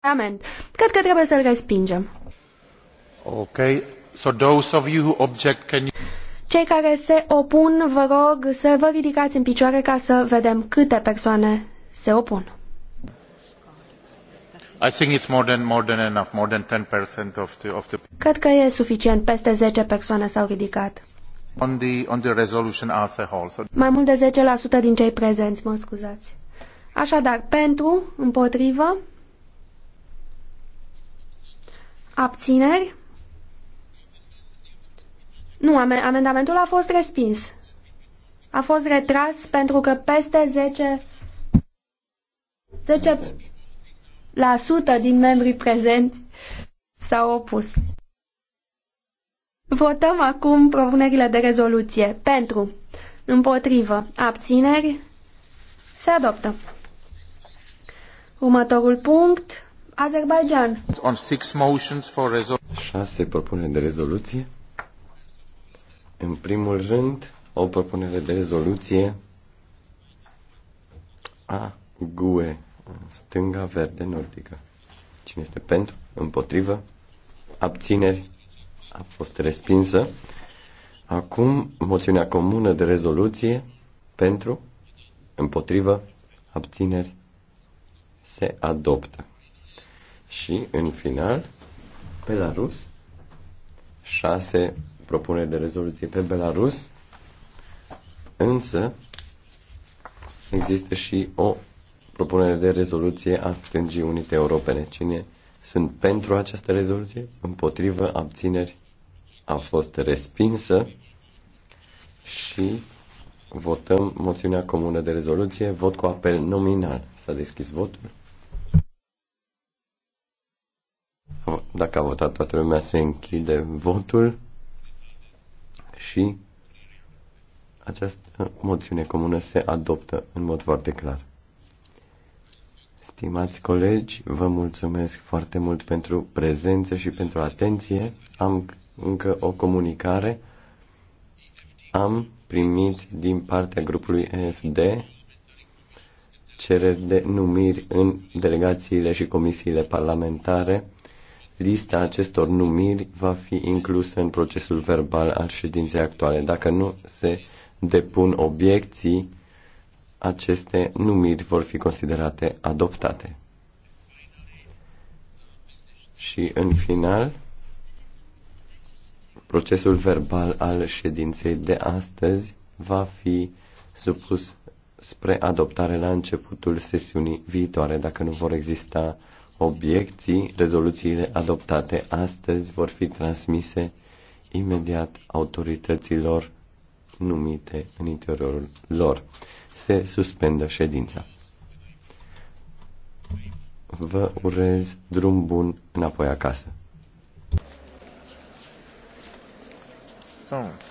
Parlament. Cred că trebuie să-l respingem. Okay. So those of you who object, can you... Cei care se opun, vă rog să vă ridicați în picioare ca să vedem câte persoane se opun. I think it's more than, more than enough, more than 10% of the, of the... Cred că e suficient, peste 10 persoane s-au ridicat. On the, on the resolution as a whole. So... Mai mult de 10% din cei prezenți, mă scuzați. Așadar, pentru, împotrivă, Abțineri? Nu, amendamentul a fost respins. A fost retras pentru că peste 10, 10 la sută din membrii prezenți s-au opus. Votăm acum propunerile de rezoluție. Pentru, împotrivă, abțineri, se adoptă. Următorul punct, Azerbaijan. On six motions for resolution. Șase propuneri de rezoluție. În primul rând, o propunere de rezoluție a GUE, stânga verde nordică. Cine este pentru? Împotrivă? Abțineri? A fost respinsă. Acum, moțiunea comună de rezoluție pentru, împotrivă, abțineri, se adoptă și, în final, Belarus, șase propuneri de rezoluție pe Belarus, însă există și o propunere de rezoluție a Stângii Unite Europene. Cine sunt pentru această rezoluție? Împotrivă abțineri a fost respinsă și votăm moțiunea comună de rezoluție, vot cu apel nominal. S-a deschis votul. Dacă a votat toată lumea, se închide votul și această moțiune comună se adoptă în mod foarte clar. Stimați colegi, vă mulțumesc foarte mult pentru prezență și pentru atenție. Am încă o comunicare. Am primit din partea grupului EFD cereri de numiri în delegațiile și comisiile parlamentare lista acestor numiri va fi inclusă în procesul verbal al ședinței actuale. Dacă nu se depun obiecții, aceste numiri vor fi considerate adoptate. Și în final, procesul verbal al ședinței de astăzi va fi supus spre adoptare la începutul sesiunii viitoare, dacă nu vor exista obiecții, rezoluțiile adoptate astăzi vor fi transmise imediat autorităților numite în interiorul lor. Se suspendă ședința. Vă urez drum bun înapoi acasă. Sunt.